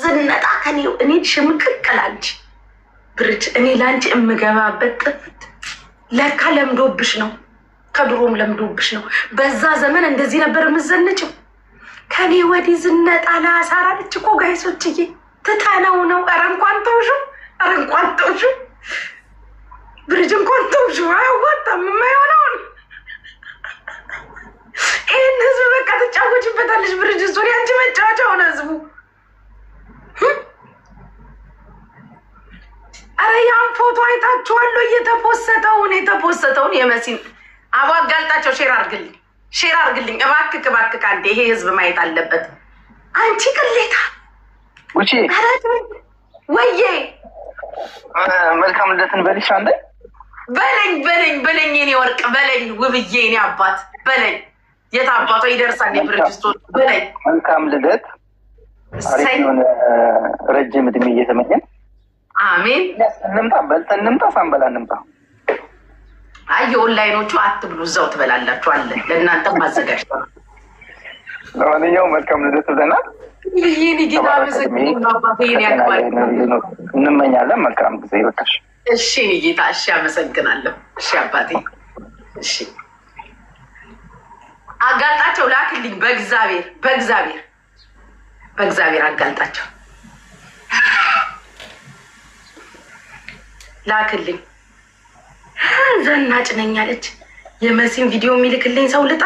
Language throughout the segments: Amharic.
ዝነጣ ከኔ እኔ ሽምቅቅ ላንቺ ብርጅ እኔ ላንቺ የምገባበት ጥፍት ለካ ለምዶብሽ ነው። ከድሮም ለምዶብሽ ነው። በዛ ዘመን እንደዚህ ነበር የምዘንጭው። ከኔ ወዲህ ዝነጣ ላሳራለች እኮ ጋይሶችዬ፣ ትተነው ነው። ኧረ እንኳን ተውሹ፣ ኧረ እንኳን ተውሹ፣ ብርጅ እንኳን ተውሹ። አያዋጣም የማይሆነውን ይህን ህዝብ በቃ ትጫወችበታለች ብርጅ። እሱን ያንቺ መጫወቻ ሆነ ህዝቡ አረ ያን ፎቶ አይታችኋለሁ። እየተፖሰተውን የተፖሰተውን የመሲን አቦ አጋልጣቸው ሼር አርግልኝ ሼር አርግልኝ እባክክ እባክክ አንዴ ይሄ ህዝብ ማየት አለበት። አንቺ ቅሌታ ወዬ መልካም ልደትን በልሽ አንዴ በለኝ በለኝ በለኝ የኔ ወርቅ በለኝ ውብዬ የኔ አባት በለኝ። የት አባቷ ይደርሳል የብርጅስቶ በለኝ መልካም ልደት አሪፍ ረጅም እድሜ እየተመኘን አሜን። እንምጣ በልተን እንምጣ፣ ሳንበላ እንምጣ። አይ የኦንላይኖቹ አትብሉ፣ እዛው ትበላላችሁ አለ። ለእናንተ ማዘጋጅ ለማንኛውም መልካም ልደት ብለናል። ይህን ጌታ አባት ይህን ያክባል እንመኛለን። መልካም ጊዜ ይበቃሽ። እሺ ጌታ፣ እሺ፣ አመሰግናለሁ። እሺ አባቴ፣ እሺ፣ አጋልጣቸው ላክልኝ። በእግዚአብሔር በእግዚአብሔር በእግዚአብሔር አጋልጣቸው ላክልኝ። ዘናጭ ነኝ አለች። የመሲን ቪዲዮ የሚልክልኝ ሰው ልጣ።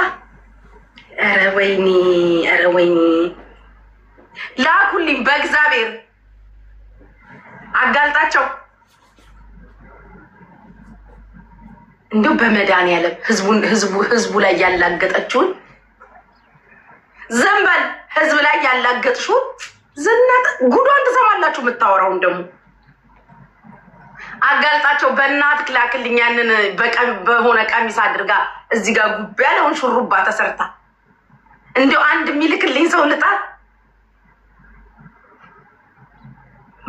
ኧረ ወይኔ፣ ኧረ ወይኔ። ላኩልኝ በእግዚአብሔር አጋልጣቸው። እንዲሁ በመድኃኒዓለም ህዝቡ ላይ ያላገጠችውን ዘንበል ህዝብ ላይ ያላገጥሹ ዝነት ጉዷን ትሰማላችሁ። የምታወራውን ደግሞ አጋልጣቸው በእናትህ ላክልኝ። ያንን በሆነ ቀሚስ አድርጋ እዚህ ጋር ጉብ ያለውን ሹሩባ ተሰርታ እንዲው አንድ የሚልክልኝ ሰው ልጣት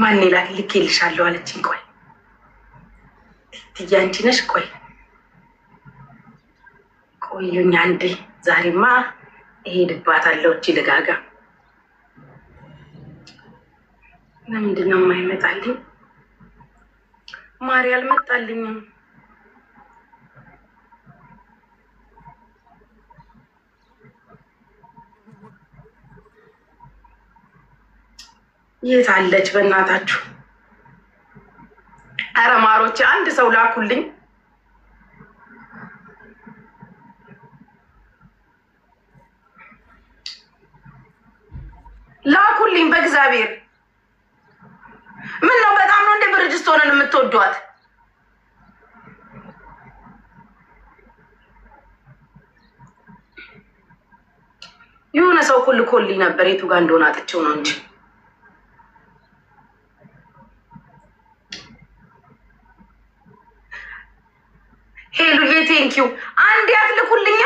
ማን ልክ ይልሻለሁ አለችኝ። ቆይ እትዬ አንቺ ነሽ? ቆይ ቆዩኝ አንዴ ዛሬማ እሄድባታለሁ። እቺ ልጋጋ ለምንድነው የማይመጣልኝ? ማሪ አልመጣልኝም። የት አለች? በእናታችሁ አረማሮች ማሮቼ አንድ ሰው ላኩልኝ። ላኩልኝ በእግዚአብሔር። ምን ነው በጣም ነው እንደ ብርጅስት ሆነን የምትወዷት? የሆነ ሰው ኩል ኮልኝ ነበር የቱ ጋር እንደሆነ አጥቼው ነው እንጂ ሄሉዬ ቴንኪው አንድ ያትልኩልኛ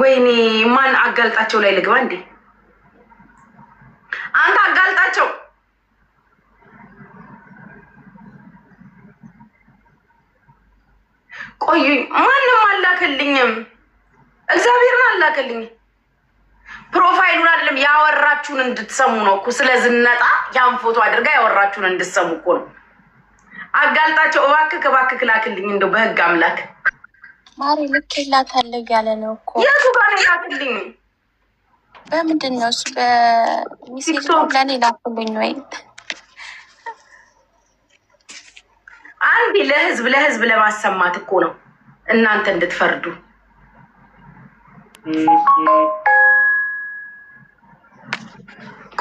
ወይኔ ማን አጋልጣቸው ላይ ልግባ እንዴ? አንተ አጋልጣቸው ቆዩ ማንም አላከልኝም፣ እግዚአብሔርን አላከልኝም። ፕሮፋይሉን አይደለም ያወራችሁን እንድትሰሙ ነው እኮ። ስለ ዝነጣ ያን ፎቶ አድርጋ ያወራችሁን እንድትሰሙ እኮ ነው። አጋልጣቸው እባክክ፣ እባክክ ላክልኝ እንደው በህግ አምላክ ማሪ ልክ ይላታል ያለ ነው እኮ የቱ ጋር ይላትልኝ? በምንድን ነው እሱ? በሚሴጅ ለኔ ላኩልኝ ወይ አንዴ ለህዝብ ለህዝብ ለማሰማት እኮ ነው እናንተ እንድትፈርዱ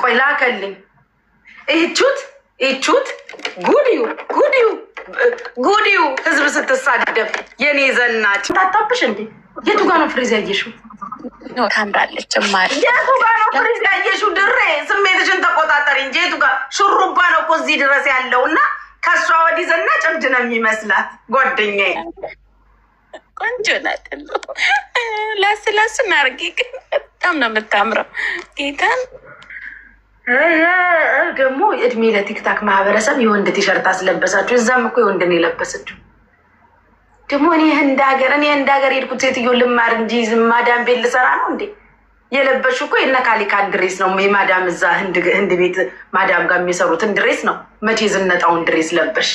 ቆይ ላከልኝ። ይህቹት ይህቹት ጉድዩ ጉድዩ ጉዲው ህዝብ ስትሳደብ የኔ ዘናጭ ታታብሽ እንዴ? የቱ ጋ ነው ፍሬዝ ያየሽው? ታምራለች ማሪ። የቱ ጋ ነው ፍሬዝ ያየሽው? ድሬ ስሜትሽን ተቆጣጠሪ እንጂ የቱ ጋ ሹሩባ ነው እኮ እዚህ ድረስ ያለው እና ከእሷ ወዲህ ዘናጭ እብድ ነው የሚመስላት ጓደኛዬ። ቆንጆ ናት። ላስ ላስ ግን በጣም ነው የምታምረው ጌታን ደግሞ እድሜ ለቲክታክ ማህበረሰብ የወንድ ቲሸርት አስለበሳችሁ። እዛም እኮ የወንድን የለበሰችው ደግሞ እኔ ህንድ ሀገር እኔ ህንድ ሀገር የሄድኩት ሴትዮ ልማር እንጂ ማዳም ቤት ልሰራ ነው እንዴ? የለበሹ እኮ የነካሊካን ድሬስ ነው። የማዳም እዛ ህንድ ቤት ማዳም ጋር የሚሰሩትን ድሬስ ነው። መቼ ዝነጣውን ድሬስ ለበሽ?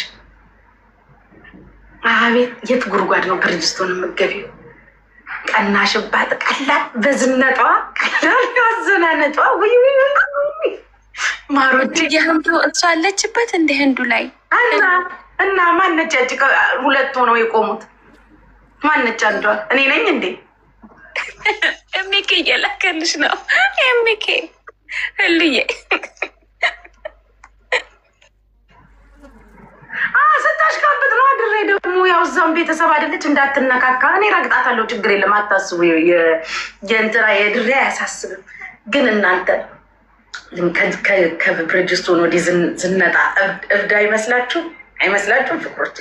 አቤት የት ጉድጓድ ነው ብርጅስቶን የምትገቢው? ቀናሽባት ቀላል በዝነጠዋ ቀላል አዘናነጧ ወይ ማሮድ የህንዱ እሷ አለችበት እንደ ህንዱ ላይ እና እና ማነጫጭ ሁለት ሆነው የቆሙት ማነጫ እንደዋል እኔ ነኝ እንዴ? ኤሚኬ እየላከልሽ ነው ኤሚኬ ህልዬ ቤተሰብ አይደለች እንዳትነካካ። እኔ ረግጣታለሁ፣ ችግር የለም አታስቡ። የእንትና የድሬ አያሳስብም። ግን እናንተ ከብርጅስቶን ወዲህ ዝነጣ እብድ አይመስላችሁ አይመስላችሁ? ፍቅሮች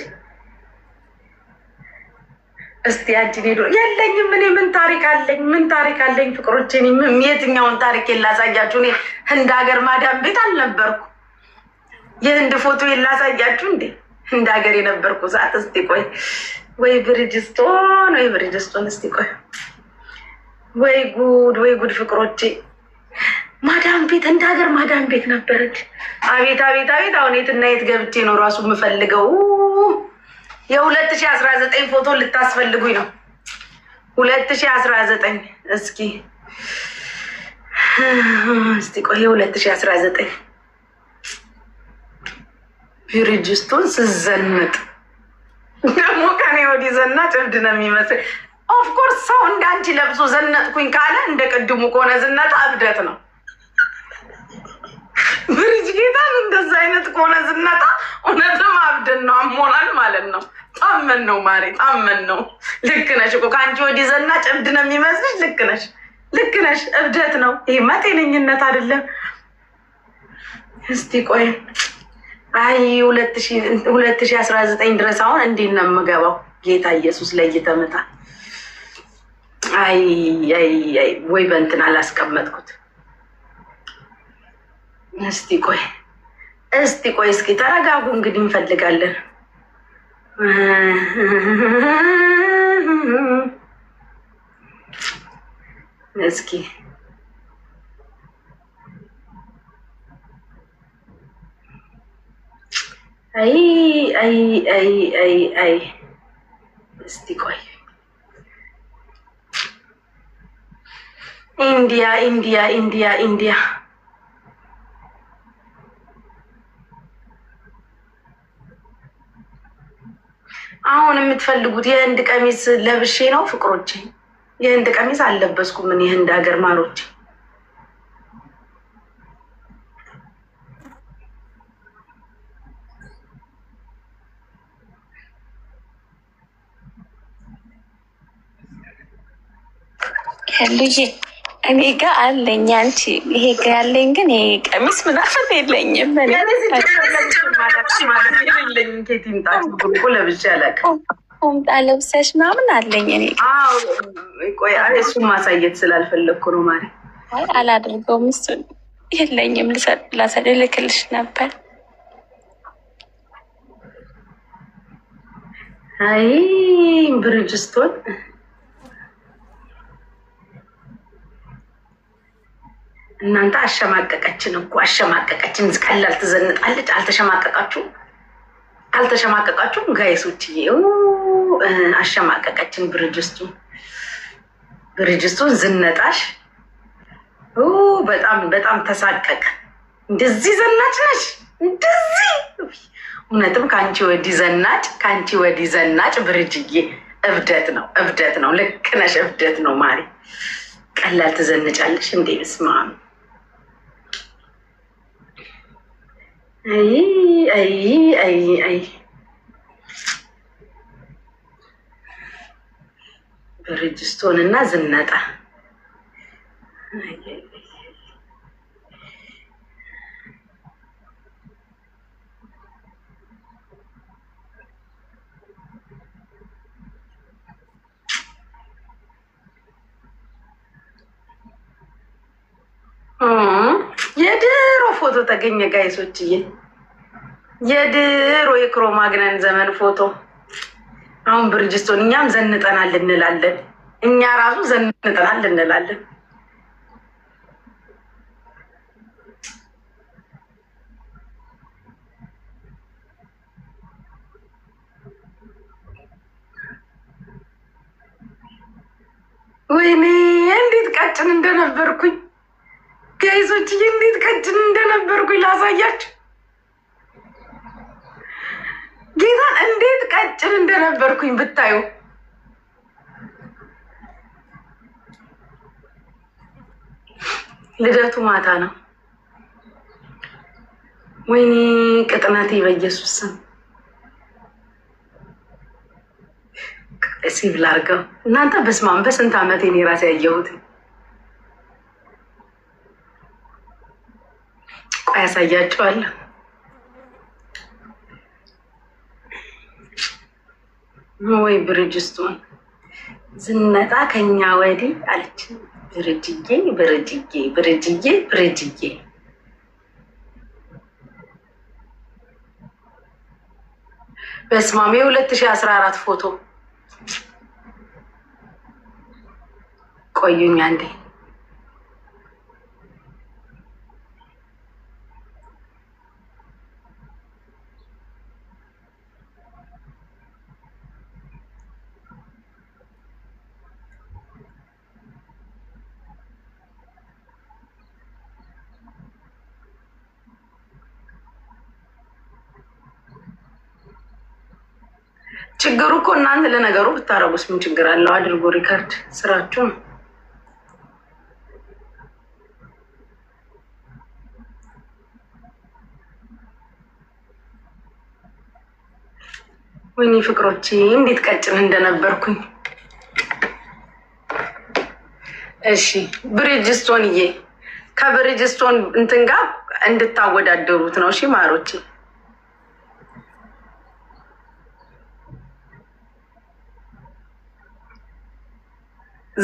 እስቲ አንቺን ሄዶ የለኝም እኔ ምን ታሪክ አለኝ? ምን ታሪክ አለኝ? ፍቅሮችን የትኛውን ታሪክ የላሳያችሁ? እኔ ህንድ ሀገር ማዳም ቤት አልነበርኩ። የህንድ ፎቶ የላሳያችሁ እንዴ? እንደ ሀገር የነበርኩ ሰዓት እስቲ ቆይ ወይ ብሪጅስቶን ወይ ብሪጅስቶን እስቲ ቆይ ወይ ጉድ ወይ ጉድ ፍቅሮቼ ማዳም ቤት እንደ ሀገር ማዳም ቤት ነበረች። አቤት አቤት አቤት! አሁን የትና የት ገብቼ ነው ራሱ የምፈልገው? የሁለት ሺ አስራ ዘጠኝ ፎቶ ልታስፈልጉኝ ነው። ሁለት ሺ አስራ ዘጠኝ እስኪ እስቲ ቆይ የሁለት ሺ አስራ ዘጠኝ ዩሪጅስቱን ስዘንጥ ደግሞ ከኔ ወዲ ዘናጭ እብድ ነው የሚመስል። ኦፍኮርስ ሰው እንደ አንቺ ለብሶ ዘነጥኩኝ ካለ እንደ ቅድሙ ከሆነ ዝነት እብደት ነው። ብርጅ ጌታን እንደዚ አይነት ከሆነ ዝነታ እውነትም አብደን ነው፣ አሞናል ማለት ነው። ጣመን ነው ማሬ፣ ጣመን ነው። ልክ ነሽ እኮ ከአንቺ ወዲ ዘናጭ እብድ ነው የሚመስልሽ። ልክ ነሽ፣ ልክ ነሽ። እብደት ነው ይሄማ፣ ጤነኝነት አይደለም። እስቲ ቆይ አይ ሁለት ሺ አስራ ዘጠኝ ድረስ አሁን እንዴት ነው የምገባው? ጌታ ኢየሱስ ለይተምታ አይ ወይ በእንትን አላስቀመጥኩት። እስቲ ቆይ እስቲ ቆይ እስኪ ተረጋጉ። እንግዲህ እንፈልጋለን። እስኪ አይ አይ አይ አይ አይ እስቲ ቆይ ኢንዲያ ኢንዲያ ኢንዲያ ኢንዲያ አሁን የምትፈልጉት የህንድ ቀሚስ ለብሼ ነው ፍቅሮቼ። የህንድ ቀሚስ አልለበስኩም። ምን የህንድ ሀገር ማሮቼ ሸልዬ እኔ ጋ አለኝ። አንቺ ይሄ ጋ ያለኝ ግን ይሄ ቀሚስ ምናምን የለኝም። ቁምጣ ለብሰሽ ምናምን አለኝ። እኔ እሱን ማሳየት ስላልፈለግኩ ነው ማሪ። አይ አላድርገውም፣ እሱን የለኝም። ላሰደ ልክልሽ ነበር። አይ ብርጅስቶን እናንተ አሸማቀቀችን እኮ አሸማቀቀችን። ቀላል ትዘንጣለች። አልተሸማቀቃችሁ አልተሸማቀቃችሁም? ጋይሶች አሸማቀቀችን። ብርጅስቱ ብርጅስቱን ዝነጣሽ በጣም በጣም ተሳቀቀ። እንደዚህ ዘናጭ ነሽ እንደዚህ እውነትም ከአንቺ ወዲህ ዘናጭ ከአንቺ ወዲህ ዘናጭ ብርጅዬ፣ እብደት ነው እብደት ነው። ልክ ነሽ፣ እብደት ነው ማሪ። ቀላል ትዘንጫለሽ እንዴ? ስማ አይ አይ አይ አይ ብርጅስቶን እና ዝነጣ አ ፎቶ ተገኘ ጋይሶችዬ፣ የድሮ የክሮማግነን ዘመን ፎቶ። አሁን ብርጅስቶን እኛም ዘንጠናል እንላለን፣ እኛ ራሱ ዘንጠናል እንላለን። ወይኔ እንዴት ቀጭን እንደነበርኩኝ ጋይዞች እንዴት ቀጭን እንደነበርኩኝ ላሳያችሁ። ጌታን እንዴት ቀጭን እንደነበርኩኝ ብታዩ ልደቱ ማታ ነው። ወይኔ ቅጥነቴ በኢየሱስ ስም ሲብል አድርገው እናንተ በስማም በስንት ዓመቴ እኔ ራሴ ያየሁት ቆይ አሳያቸዋለሁ። ወይ ብርጅስቶን ዝነጣ ከኛ ወዲህ አለች። ብርጅዬ ብርጅዬ ብርጅዬ ብርጅዬ በስማሜ ሁለት ሺህ አስራ አራት ፎቶ ቆዩኝ እንዴ ችግሩ እኮ እናንተ ለነገሩ ብታረጉስ ምን ችግር አለው? አድርጎ ሪከርድ ስራችሁ ነው። ወይኒ ፍቅሮች እንዴት ቀጭን እንደነበርኩኝ። እሺ እዬ ከብሪጅስቶን እንትን ጋር እንድታወዳደሩት ነው። እሺ ማሮቼ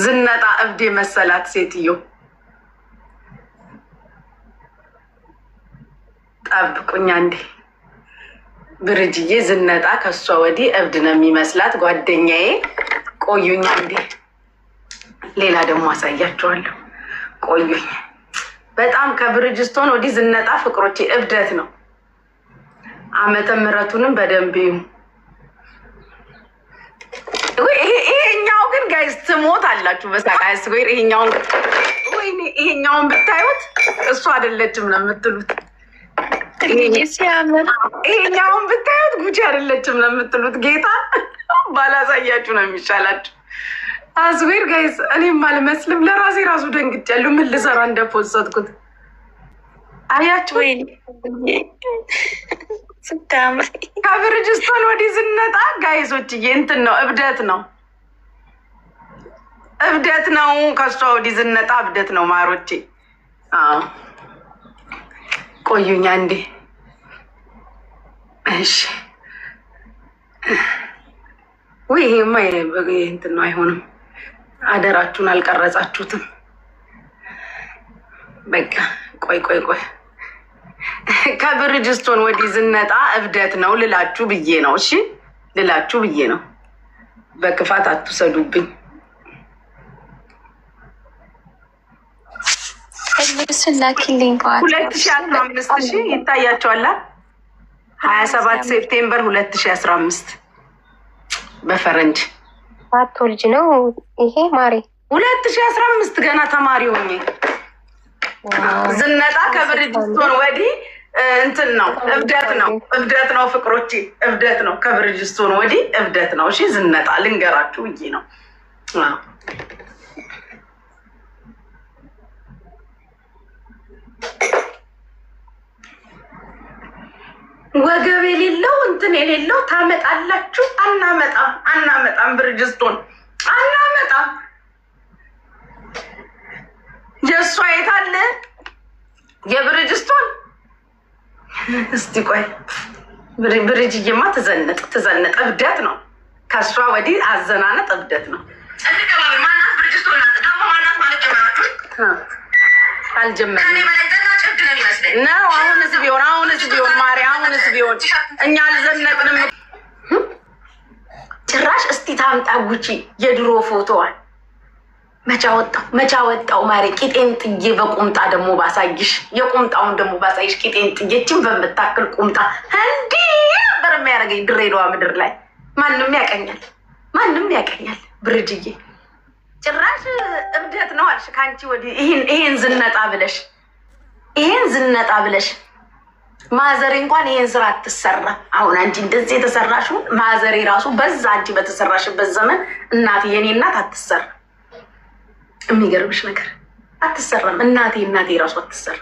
ዝነጣ እብድ መሰላት ሴትዮ። ጠብቁኛ እንዴ ብርጅዬ፣ ዝነጣ ከሷ ወዲህ እብድ ነው የሚመስላት ጓደኛዬ። ቆዩኛ እንዴ ሌላ ደግሞ አሳያችኋለሁ። ቆዩኝ በጣም ከብርጅስቶን ወዲህ ዝነጣ ፍቅሮቼ እብደት ነው። አመተ ምሕረቱንም በደንብ እዩ። ጋይዝ ትሞት አላችሁ በሳቃ ስጎይር ይሄኛውን ወይኔ ይሄኛውን ብታዩት እሱ አይደለችም ነው የምትሉት። ይሄኛውን ብታዩት ጉቺ አይደለችም ነው የምትሉት። ጌታ ባላሳያችሁ ነው የሚሻላችሁ። አስጎይር ጋይስ እኔም አልመስልም ለራሴ ራሱ ደንግጫለሁ። ምን ልሰራ እንደፖሰትኩት አያችሁ ከብርጅስቶን ወዲህ ስነጣ ጋይዞችዬ እንትን ነው እብደት ነው። እብደት ነው። ከእሷ ወዲህ ዝነጣ እብደት ነው። ማሮቼ ቆዩኛ እንዴ። እሺ ወይ ይሄማ እንትን ነው አይሆንም። አደራችሁን አልቀረጻችሁትም። በቃ ቆይ ቆይ ቆይ ከብርጅስቶን ወዲህ ዝነጣ እብደት ነው ልላችሁ ብዬ ነው። እሺ ልላችሁ ብዬ ነው። በክፋት አትውሰዱብኝ። ሁለት ሺ አስራ አምስት ሺ ይታያቸዋል። ሀያ ሰባት ሴፕቴምበር ሁለት ሺ አስራ አምስት በፈረንጅ አቶልጅ ነው ይሄ ማሬ ሁለት ሺ አስራ አምስት ገና ተማሪ ሆኜ ዝነጣ ከብርጅስቶን ወዲህ እንትን ነው እብደት ነው እብደት ነው ፍቅሮቼ እብደት ነው። ከብርጅስቶን ወዲህ እብደት ነው። እሺ ዝነጣ ልንገራችሁ ብዬ ነው። ወገብ የሌለው እንትን የሌለው ታመጣላችሁ። አናመጣም አናመጣም፣ ብርጅስቶን አናመጣም። የእሷ የታለ የብርጅስቶን? እስቲ ቆይ ብርጅዬማ ትዘንጥ ትዘንጥ። እብደት ነው ከእሷ ወዲህ አዘናነጥ እብደት ነው። አልጀመርም ነው። አሁንስ ቢሆን አሁንስ ቢሆን ማሪ አሁንስ ቢሆን እኛ አልዘነቅንም። ጭራሽ እስቲ ታምጣ ጉቺ የድሮ ፎቶዋል። መቻ ወጣው መቻ ወጣው ማሪ ቂጤን ጥዬ በቁምጣ ደግሞ ባሳይሽ፣ የቁምጣውን ደግሞ ባሳይሽ። ቂጤን ጥዬችን በምታክል ቁምጣ እንዲህ ነበር የሚያደርገኝ ድሬዳዋ ምድር ላይ ማንም ያቀኛል፣ ማንም ያቀኛል። ብርድዬ ጭራሽ እብደት ነው አልሽ ከአንቺ ወዲህ ይሄን ዝነጣ ብለሽ ይህን ዝነጣ ብለሽ ማዘሬ እንኳን ይህን ስራ አትሰራ። አሁን አንቺ እንደዚህ የተሰራሽ ማዘሬ ራሱ በዛ አንቺ በተሰራሽበት ዘመን እናቴ የኔ እናት አትሰራ። የሚገርምሽ ነገር አትሰራም። እናቴ እናቴ ራሱ አትሰራ።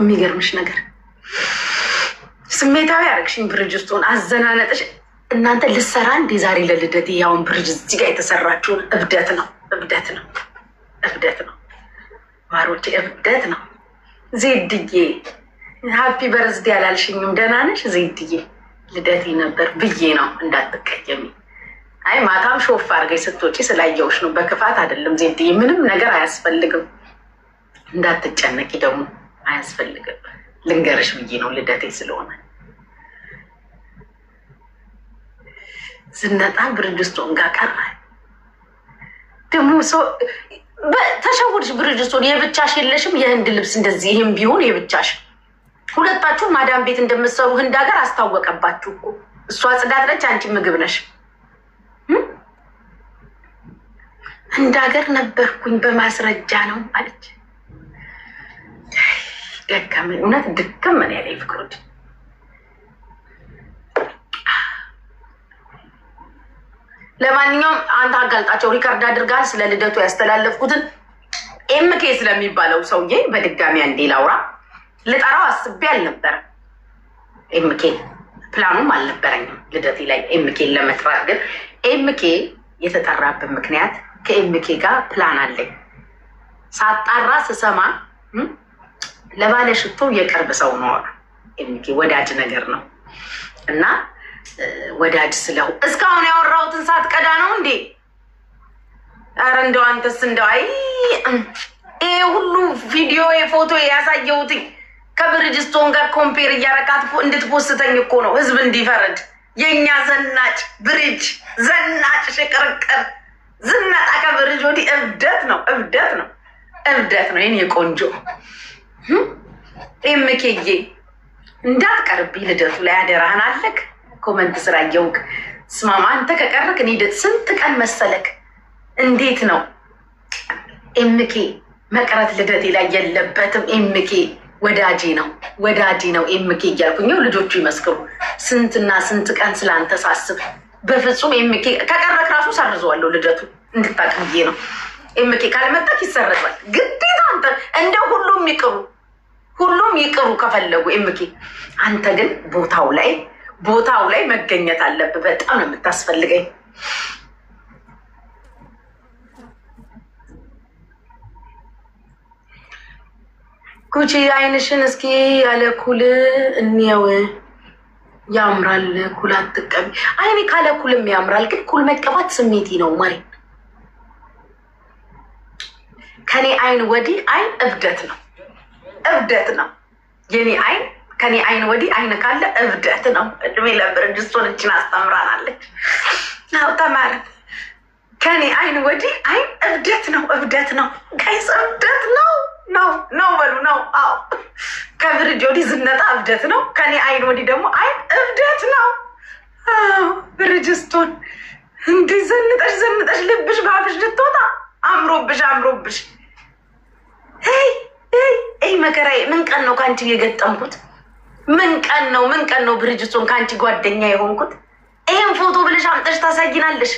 የሚገርምሽ ነገር ስሜታዊ ያደረግሽኝ ብርጅ ስትሆን አዘናነጥሽ። እናንተ ልሰራ እንዴ ዛሬ ለልደት ያውን ብርጅ እዚህ ጋር የተሰራችውን እብደት ነው፣ እብደት ነው፣ እብደት ነው። ማሮች እብደት ነው። ዜድዬ ሀፒ በርዝዴ አላልሽኝም። ደህና ነሽ ዜድዬ? ልደቴ ነበር ብዬ ነው እንዳትቀየሚ። አይ ማታም ሾፍ አድርገሽ ስትወጪ ስላየውሽ ነው። በክፋት አይደለም ዜድዬ፣ ምንም ነገር አያስፈልግም። እንዳትጨነቂ ደግሞ አያስፈልግም። ልንገርሽ ብዬ ነው ልደቴ ስለሆነ። ስነጣ ብርድስቶን ጋር ቀረ ደግሞ ሰው ተሸውድሽ ብርጅስቶን የብቻሽ የለሽም። የህንድ ልብስ እንደዚህ ይህም ቢሆን የብቻሽ ሁለታችሁ ማዳም ቤት እንደምትሰሩ ህንድ ሀገር አስታወቀባችሁ እኮ። እሷ ጽዳት ነች፣ አንቺ ምግብ ነሽ። ህንድ ሀገር ነበርኩኝ በማስረጃ ነው አለች። ደከመኝ እውነት ድክም ምን ያለኝ ፍቅሮች ለማንኛውም አንተ አጋልጣቸው ሪከርድ አድርጋል። ስለ ልደቱ ያስተላለፍኩትን ኤምኬ ስለሚባለው ሰውዬ በድጋሚ አንዴ ላውራ። ልጠራው አስቤ አልነበረም። ኤምኬ ፕላኑም አልነበረኝም ልደቴ ላይ ኤምኬን ለመጥራት። ግን ኤምኬ የተጠራበት ምክንያት ከኤምኬ ጋር ፕላን አለኝ። ሳጣራ ስሰማ ለባለሽቶ የቅርብ ሰው ነው ኤምኬ፣ ወዳጅ ነገር ነው እና ወዳጅ ስለው እስካሁን ያወራሁትን ሰዓት ቀዳ ነው እንዴ? አረ እንደው አንተስ እንደው አይ ይሄ ሁሉ ቪዲዮ የፎቶ ያሳየሁትኝ ከብርጅስቶን ጋር ኮምፔር እያረካት እንድትፖስተኝ እኮ ነው ህዝብ እንዲፈረድ። የእኛ ዘናጭ ብርጅ ዘናጭ ሽቅርቅር ዝናጣ ከብርጅ ወዲህ እብደት ነው እብደት ነው እብደት ነው። ይህን የቆንጆ ኤምኬዬ እንዳትቀርብ ልደቱ ላይ አደራህን አለክ ኮመንት ስራ እየውቅ ስማማ አንተ ከቀረክ እኔ ስንት ቀን መሰለክ እንዴት ነው ኤምኬ መቅረት ልደቴ ላይ የለበትም። ኤምኬ ወዳጄ ነው ወዳጄ ነው ኤምኬ እያልኩኝ ልጆቹ ይመስክሩ። ስንትና ስንት ቀን ስለአንተ ሳስብ በፍጹም ኤምኬ ከቀረክ ራሱ ሰርዘዋለሁ። ልደቱ እንድታቅምዬ ነው። ኤምኬ ካልመጣክ ይሰረዛል ግዴታ። አንተ እንደ ሁሉም ይቅሩ ሁሉም ይቅሩ ከፈለጉ ኤምኬ አንተ ግን ቦታው ላይ ቦታው ላይ መገኘት አለብ። በጣም ነው የምታስፈልገኝ። ጉቺ አይንሽን እስኪ ያለ ኩል እንየው። ያምራል ኩል አትቀቢ። አይኔ ካለ ኩልም ያምራል፣ ግን ኩል መቀባት ስሜቴ ነው ማሪ። ከኔ አይን ወዲህ አይን እብደት ነው፣ እብደት ነው የኔ አይን ከኔ አይን ወዲህ አይን ካለ እብደት ነው። እድሜ ለብርድ እሱን እችን አስተምራናለች ተማር። ከኔ አይን ወዲህ አይን እብደት ነው፣ እብደት ነው ጋይስ፣ እብደት ነው ነው ነው በሉ ነው። አዎ ከብርጅ ወዲህ ዝነጣ እብደት ነው። ከኔ አይን ወዲህ ደግሞ አይን እብደት ነው። ብርጅስቶን እንዲህ ዘንጠሽ ዘንጠሽ ልብሽ ባብሽ ልትወጣ አምሮብሽ አምሮብሽ። ይ መከራዬ ምን ቀን ነው ከአንቺ የገጠምኩት? ምን ቀን ነው ምን ቀን ነው ብርጅቱን ከአንቺ ጓደኛ የሆንኩት? ይህን ፎቶ ብለሽ አምጠሽ ታሳይናለሽ።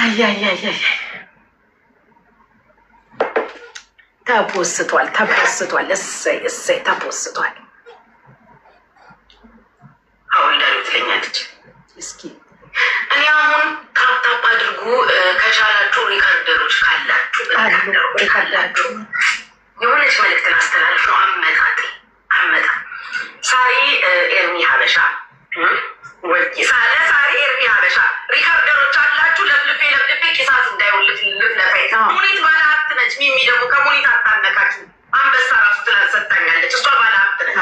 አያያያያ ተፖስቷል፣ ተፖስቷል። እሰይ እሰይ፣ ተፖስቷል። አሁን እንዳሉ ትለኛለች። እስኪ እኔ አሁን ታፕ አድርጉ ከቻላችሁ። ሪካርደሮች ካላችሁ ሪካርደሮች ካላችሁ የሆነች መልእክት ላስተላልፍ ነው። አመጣጤ አመጣ ሳሪ ኤርሚ ሀበሻ ወሳለ ሳሪ ኤርሚ ሀበሻ ሪካርደሮች አላችሁ? ለፍልፌ ለፍልፌ ቂሳት እንዳይወልፍ ልፍለፋይ ሙኒት ባለሀብት ነች። ሚሚ ደግሞ ከሙኒት አታነቃችሁ። አንበሳ ራሱ ትላት ሰጥታኛለች። እሷ ባለሀብት ነች።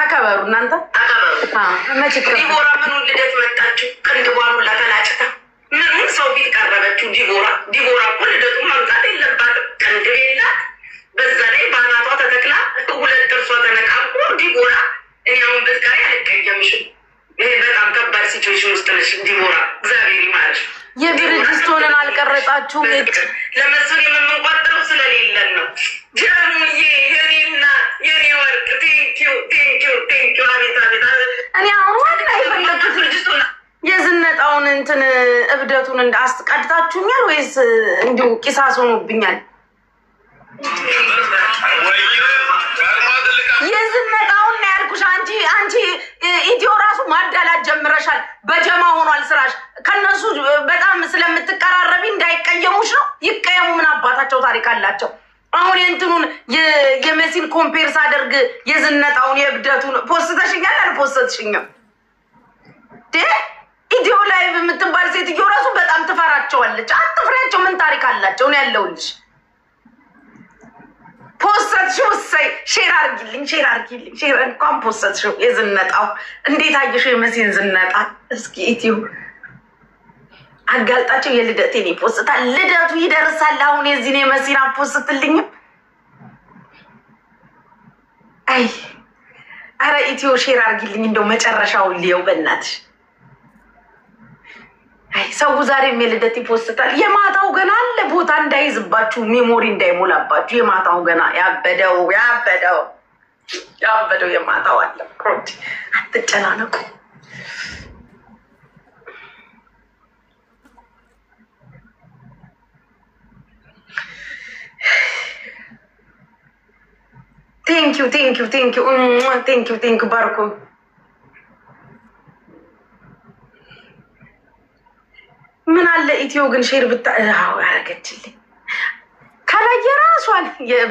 ተከበሩ እናንተ ተከበሩ። ዲቦራ ምኑን ልደት መጣችሁ? ቅንድቧኑን ለተላጭታ ምንም ሰው ፊት ቀረበችው። ዲቦራ ዲቦራ እኮ ልደቱ ማምጣት የለባትም። ቀንድብ የላት በዛ ላይ በአናቷ ተተክላ ሁለት ጥርሷ ተነቃቁ ዲቦራ እኔ አሁን አልቀየምሽም። ይህ በጣም ከባድ ሲትዌሽን ውስጥ ነሽ ዲቦራ። እግዚአብሔር ይማርሽ። የብርጅስቶንን አልቀረጻችሁም። ለመስፍን የምንቋጠረው ስለሌለን ነው። ክብደቱን እንዳስቀድታችሁኛል ወይስ እንዲሁ ቂሳስ ሆኖብኛል? የዝመጣውን ነው ያልኩሽ። አንቺ አንቺ ኢትዮ ራሱ ማዳላት ጀምረሻል። በጀማ ሆኗል ስራሽ። ከነሱ በጣም ስለምትቀራረቢ እንዳይቀየሙሽ ነው። ይቀየሙ፣ ምን አባታቸው ታሪክ አላቸው። አሁን የእንትኑን የመሲን ኮምፔርስ አደርግ የዝነጣውን የእብደቱን ፖስተሽኛል አልፖስተሽኛል? ኢዲዮ ላይ የምትባል ሴትዮ ራሱ በጣም ትፈራቸዋለች። አትፍሬያቸው፣ ምን ታሪክ አላቸው? እኔ ያለሁልሽ ፖስትሽው እሰይ፣ ሼር አርጊልኝ፣ ሼር አርጊልኝ፣ ሼር እንኳን ሽ የዝነጣው እንዴት አየሽ? የመሲን ዝነጣ እስኪ ኢትዮ አጋልጣቸው። የልደቴን ይፖስታል፣ ልደቱ ይደርሳል። አሁን የዚህን የመሲን አፖስትልኝም። አይ አረ ኢትዮ ሼር አርጊልኝ፣ እንደው መጨረሻውን ልየው በእናትሽ። ሰው ዛሬም የልደት ይፖስታል። የማታው ገና አለ ቦታ እንዳይዝባችሁ፣ ሜሞሪ እንዳይሞላባችሁ። የማታው ገና ያበደው ያበደው ያበደው የማታው አለ። አትጨናነቁ። ቴንኪው ቴንኪው ቴንኪው ቴንኪው ቴንኪው ምን አለ ኢትዮ ግን ሼር ብታ አረገችልኝ ከላይ የራሷን